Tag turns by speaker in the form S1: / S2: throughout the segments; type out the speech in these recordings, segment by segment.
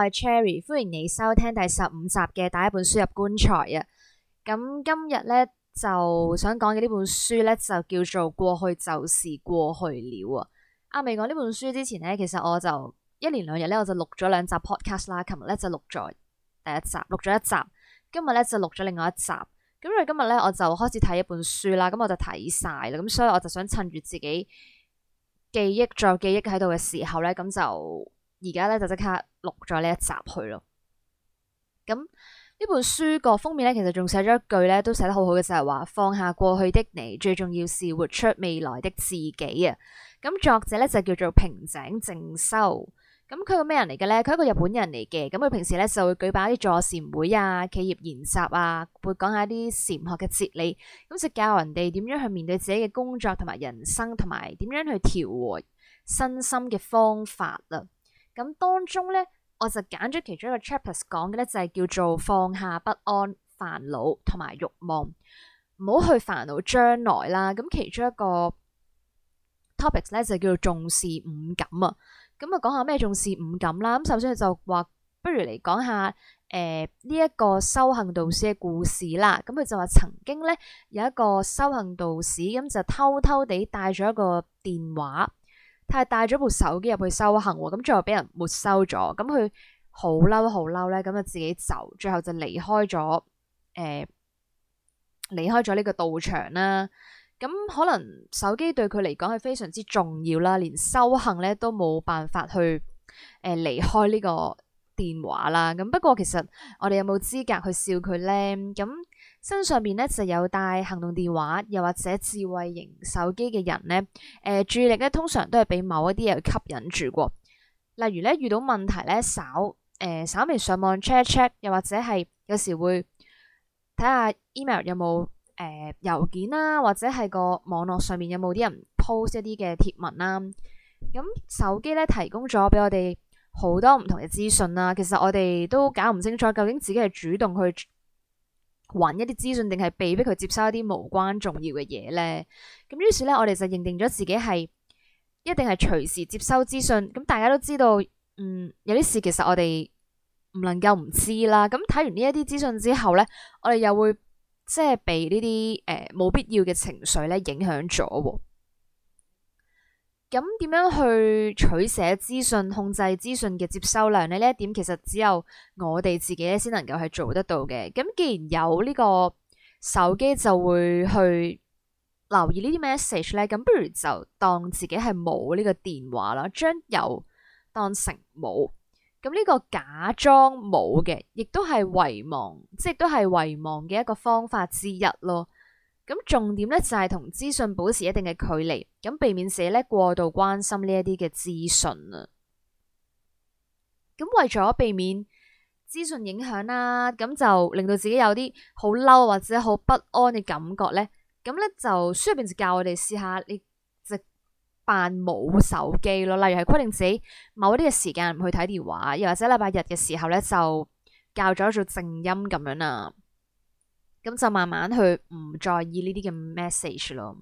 S1: 我係 Cherry，歡迎你收聽第十五集嘅《帶一本書入棺材》啊！咁今日咧就想講嘅呢本書咧就叫做《過去就是過去了》啊！啊，未講呢本書之前咧，其實我就一連兩日咧我就錄咗兩集 podcast 啦。琴日咧就錄咗第一集，錄咗一集。今日咧就錄咗另外一集。咁因為今日咧我就開始睇呢本書啦，咁我就睇晒啦，咁所以我就想趁住自己記憶仲有記憶喺度嘅時候咧，咁就。而家咧就即刻錄咗呢一集去咯。咁呢本書個封面咧，其實仲寫咗一句咧，都寫得好好嘅，就係話放下過去的你，最重要是活出未來的自己啊。咁作者咧就叫做平井正修。咁佢個咩人嚟嘅咧？佢係一個日本人嚟嘅。咁佢平時咧就會舉辦一啲助善會啊、企業研習啊，會講下啲禪學嘅哲理，咁就教人哋點樣去面對自己嘅工作同埋人生，同埋點樣去調和身心嘅方法啦。咁當中咧，我就揀咗其中一個 chapter 講嘅咧，就係叫做放下不安、煩惱同埋欲望，唔好去煩惱將來啦。咁其中一個 topics 咧就叫做重視五感啊。咁啊，講下咩重視五感啦。咁首先佢就話，不如嚟講下誒呢一個修行道士嘅故事啦。咁佢就話曾經咧有一個修行道士，咁就偷偷地帶咗一個電話。佢係帶咗部手機入去修行，咁最後俾人沒收咗，咁佢好嬲好嬲咧，咁就自己走，最後就離開咗，誒離開咗呢個道場啦。咁可能手機對佢嚟講係非常之重要啦，連修行咧都冇辦法去誒離開呢個電話啦。咁不過其實我哋有冇資格去笑佢咧？咁。身上邊咧就有帶行動電話，又或者智慧型手機嘅人咧，誒、呃、注意力咧通常都係俾某一啲嘢吸引住過。例如咧遇到問題咧，稍誒、呃、稍微上網 check check，又或者係有時會睇下 email 有冇誒郵件啦、啊，或者係個網絡上面有冇啲人 post 一啲嘅貼文啦、啊。咁手機咧提供咗俾我哋好多唔同嘅資訊啦。其實我哋都搞唔清楚究竟自己係主動去。揾一啲資訊定係被迫佢接收一啲無關重要嘅嘢咧，咁於是咧我哋就認定咗自己係一定係隨時接收資訊。咁大家都知道，嗯，有啲事其實我哋唔能夠唔知啦。咁睇完呢一啲資訊之後咧，我哋又會即係被呢啲誒冇必要嘅情緒咧影響咗喎、啊。咁點樣去取捨資訊、控制資訊嘅接收量呢？呢一點其實只有我哋自己咧，先能夠係做得到嘅。咁既然有呢個手機，就會去留意呢啲 message 咧。咁不如就當自己係冇呢個電話啦，將有當成冇。咁呢個假裝冇嘅，亦都係遺忘，即係都係遺忘嘅一個方法之一咯。咁重點咧就係同資訊保持一定嘅距離，咁避免自己咧過度關心呢一啲嘅資訊啊。咁為咗避免資訊影響啦，咁就令到自己有啲好嬲或者好不安嘅感覺咧。咁咧就書入邊就教我哋試下，你即係扮冇手機咯。例如係規定自己某一啲嘅時間唔去睇電話，又或者禮拜日嘅時候咧就教咗做靜音咁樣啊。咁就慢慢去唔在意呢啲嘅 message 咯。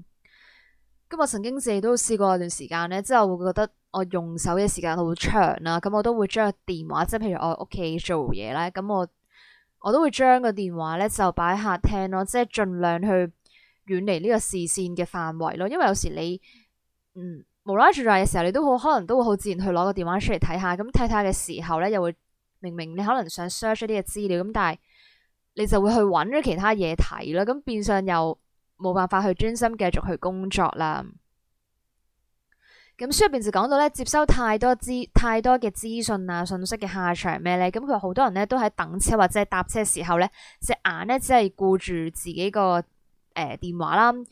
S1: 咁我曾經自己都試過一段時間咧，即係會覺得我用手嘅時間好長啦。咁我都會將個電話，即係譬如我屋企做嘢咧，咁我我都會將個電話咧就擺喺客廳咯，即係盡量去遠離呢個視線嘅範圍咯。因為有時你嗯無啦住住嘅時候，你都好可能都會好自然去攞個電話出嚟睇下。咁睇睇下嘅時候咧，又會明明你可能想 search 啲嘅資料，咁但係。你就會去揾咗其他嘢睇啦，咁變相又冇辦法去專心繼續去工作啦。咁書入邊就講到咧，接收太多資太多嘅資訊啊、信息嘅下場咩咧？咁佢好多人咧都喺等車或者係搭車時候咧，隻眼咧只係顧住自己個誒、呃、電話啦。咁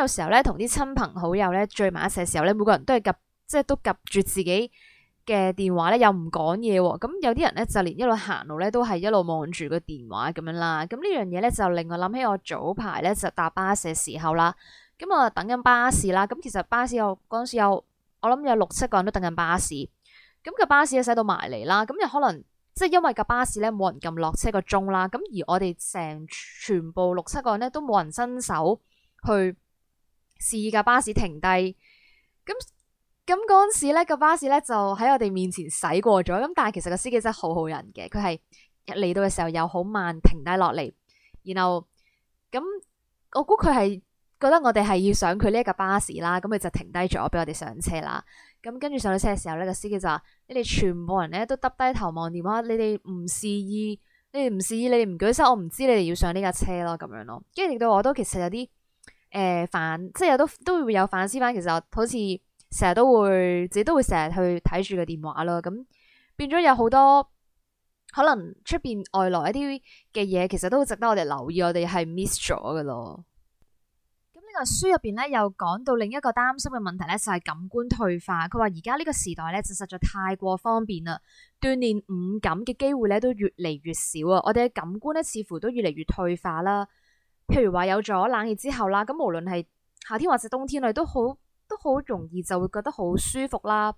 S1: 有時候咧同啲親朋好友咧聚埋一齊嘅時候咧，每個人都係夾即係都夾住自己嘅電話咧又唔講嘢喎，咁有啲人咧就連一路行路咧都係一路望住個電話咁樣啦。咁呢樣嘢咧就令我諗起我早排咧就搭巴士嘅時候啦。咁啊等緊巴士啦，咁其實巴士有嗰陣時有我諗有六七個人都等緊巴士。咁個巴士就駛到埋嚟啦，咁又可能即係因為架巴士咧冇人撳落車個鐘啦，咁而我哋成全部六七個人都冇人伸手去試架巴士停低，咁。咁嗰陣時咧，個巴士咧就喺我哋面前駛過咗。咁但係其實個司機真係好好人嘅，佢係嚟到嘅時候又好慢停低落嚟。然後咁，我估佢係覺得我哋係要上佢呢一架巴士啦。咁佢就停低咗俾我哋上車啦。咁跟住上咗車嘅時候咧，個司機就話：，你哋全部人咧都耷低頭望電話，你哋唔示意，你哋唔示意，你哋唔舉手，我唔知你哋要上呢架車咯。咁樣咯，跟住令到我都其實有啲誒、呃、反，即係有都都會有反思翻，其實好似。成日都會，自己都會成日去睇住個電話咯。咁變咗有好多可能出邊外來一啲嘅嘢，其實都好值得我哋留意，我哋係 miss 咗嘅咯。咁呢個書入邊咧，又講到另一個擔心嘅問題咧，就係感官退化。佢話而家呢個時代咧，就實在太過方便啦，鍛鍊五感嘅機會咧都越嚟越少啊。我哋嘅感官咧，似乎都越嚟越退化啦。譬如話有咗冷氣之後啦，咁無論係夏天或者冬天咧，都好。都好容易就會覺得好舒服啦。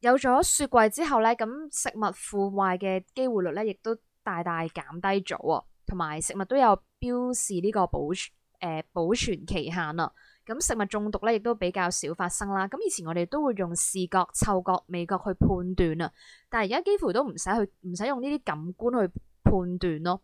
S1: 有咗雪櫃之後咧，咁食物腐壞嘅機會率咧，亦都大大減低咗啊，哦。同埋食物都有標示呢個保誒、呃、保存期限啊。咁食物中毒咧，亦都比較少發生啦。咁以前我哋都會用視覺、嗅覺、味覺去判斷啊，但係而家幾乎都唔使去唔使用呢啲感官去判斷咯。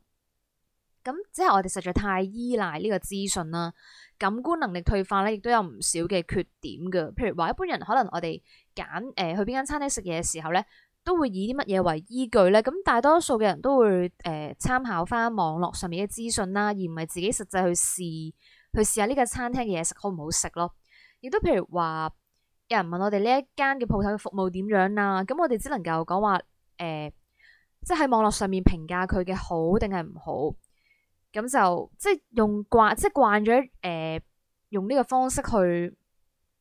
S1: 咁即係我哋實在太依賴呢個資訊啦，感官能力退化咧，亦都有唔少嘅缺點噶。譬如話，一般人可能我哋揀誒去邊間餐廳食嘢嘅時候咧，都會以啲乜嘢為依據咧？咁大多數嘅人都會誒參考翻網絡上面嘅資訊啦，而唔係自己實際去試去試下呢個餐廳嘅嘢食好唔好食咯。亦都譬如話，有人問我哋呢一間嘅鋪頭嘅服務點樣啊？咁我哋只能夠講話誒，即係喺網絡上面評價佢嘅好定係唔好。咁就即係用慣，即係慣咗誒、呃、用呢個方式去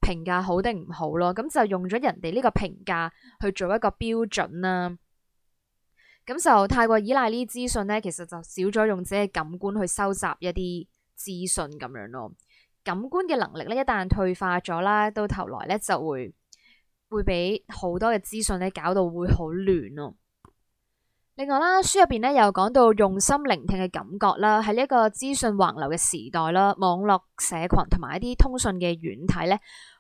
S1: 評價好定唔好咯。咁就用咗人哋呢個評價去做一個標準啦。咁就太過依賴呢啲資訊咧，其實就少咗用自己嘅感官去收集一啲資訊咁樣咯。感官嘅能力咧，一旦退化咗啦，到頭來咧就會會俾好多嘅資訊咧搞到會好亂咯。另外啦，書入邊咧又講到用心聆聽嘅感覺啦，喺呢一個資訊橫流嘅時代啦，網絡社群同埋一啲通訊嘅軟體咧，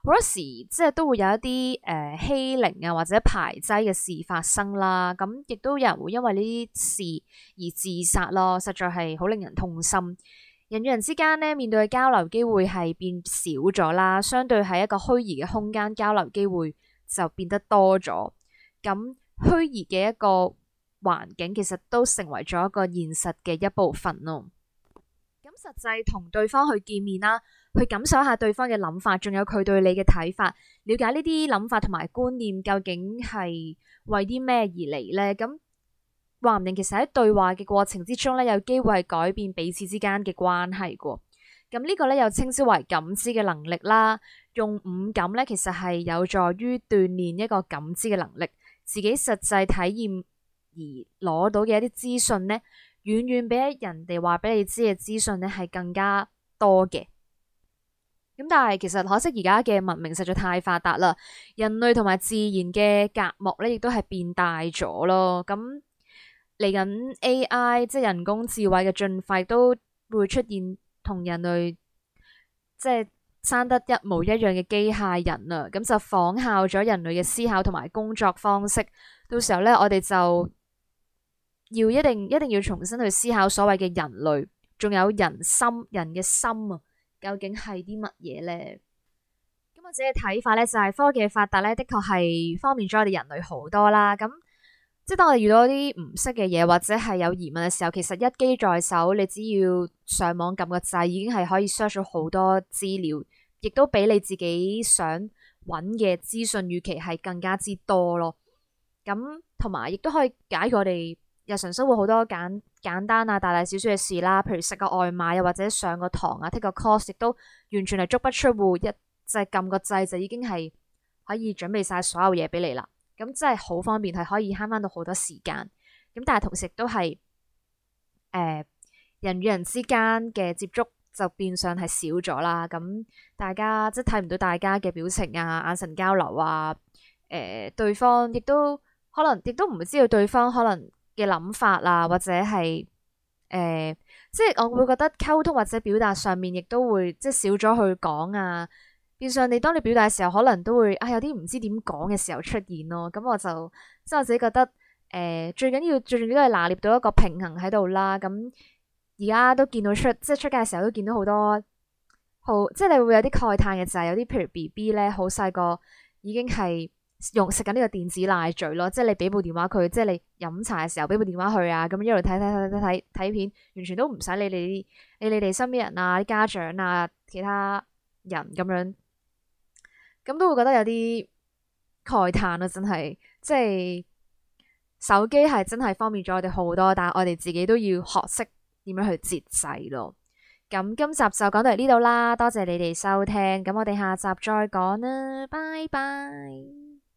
S1: 好多時即係都會有一啲誒欺凌啊，或者排擠嘅事發生啦。咁亦都有人會因為呢啲事而自殺咯，實在係好令人痛心。人與人之間咧，面對嘅交流機會係變少咗啦，相對喺一個虛擬嘅空間，交流機會就變得多咗。咁虛擬嘅一個。環境其實都成為咗一個現實嘅一部分咯。咁實際同對方去見面啦，去感受一下對方嘅諗法，仲有佢對你嘅睇法，了解呢啲諗法同埋觀念究竟係為啲咩而嚟呢？咁話唔定其實喺對話嘅過程之中咧，有機會改變彼此之間嘅關係噶。咁呢個咧又稱之為感知嘅能力啦。用五感咧，其實係有助於鍛煉一個感知嘅能力，自己實際體驗，而攞到嘅一啲資訊咧，遠遠比人哋話俾你知嘅資訊咧係更加多嘅。咁但係其實可惜而家嘅文明實在太發達啦，人類同埋自然嘅隔膜咧亦都係變大咗咯。咁嚟緊 AI 即係人工智慧嘅進化都會出現同人類即係、就是、生得一模一樣嘅機械人啊！咁就仿效咗人類嘅思考同埋工作方式，到時候咧，我哋就～要一定一定要重新去思考所謂嘅人類，仲有人心、人嘅心啊，究竟係啲乜嘢咧？咁我自己嘅睇法咧就係科技發達咧，的確係方便咗我哋人類好多啦。咁即係當我哋遇到一啲唔識嘅嘢或者係有疑問嘅時候，其實一機在手，你只要上網撳個掣，已經係可以 search 咗好多資料，亦都比你自己想揾嘅資訊預期係更加之多咯。咁同埋亦都可以解決我哋。日常生活好多簡簡單啊，大大小小嘅事啦，譬如食個外賣，又或者上個堂啊，take 個 course，亦都完全係足不出戶，一即係撳個掣就已經係可以準備晒所有嘢俾你啦。咁真係好方便，係可以慳翻到好多時間。咁但係同時都係誒人與人之間嘅接觸就變相係少咗啦。咁大家即係睇唔到大家嘅表情啊、眼神交流啊，誒、呃、對方亦都可能亦都唔會知道對方可能。嘅諗法啦、啊，或者係誒、呃，即係我會覺得溝通或者表達上面亦都會即係少咗去講啊，變相你當你表達嘅時候，可能都會啊有啲唔知點講嘅時候出現咯。咁我就即係我自己覺得誒，最緊要最重要都係拿捏到一個平衡喺度啦。咁而家都見到出即係出街嘅時候都見到好多好，即係你會有啲慨嘆嘅就係有啲譬如 B B 咧好細個已經係。用食緊呢個電子奶嘴咯，即係你俾部電話佢，即係你飲茶嘅時候俾部電話佢啊，咁一路睇睇睇睇睇睇片，完全都唔使理你你你哋身邊人啊啲家長啊，其他人咁樣咁都會覺得有啲慨嘆咯、啊。真係即係手機係真係方便咗我哋好多，但係我哋自己都要學識點樣去節制咯。咁今集就講到呢度啦，多謝你哋收聽。咁我哋下集再講啦，拜拜。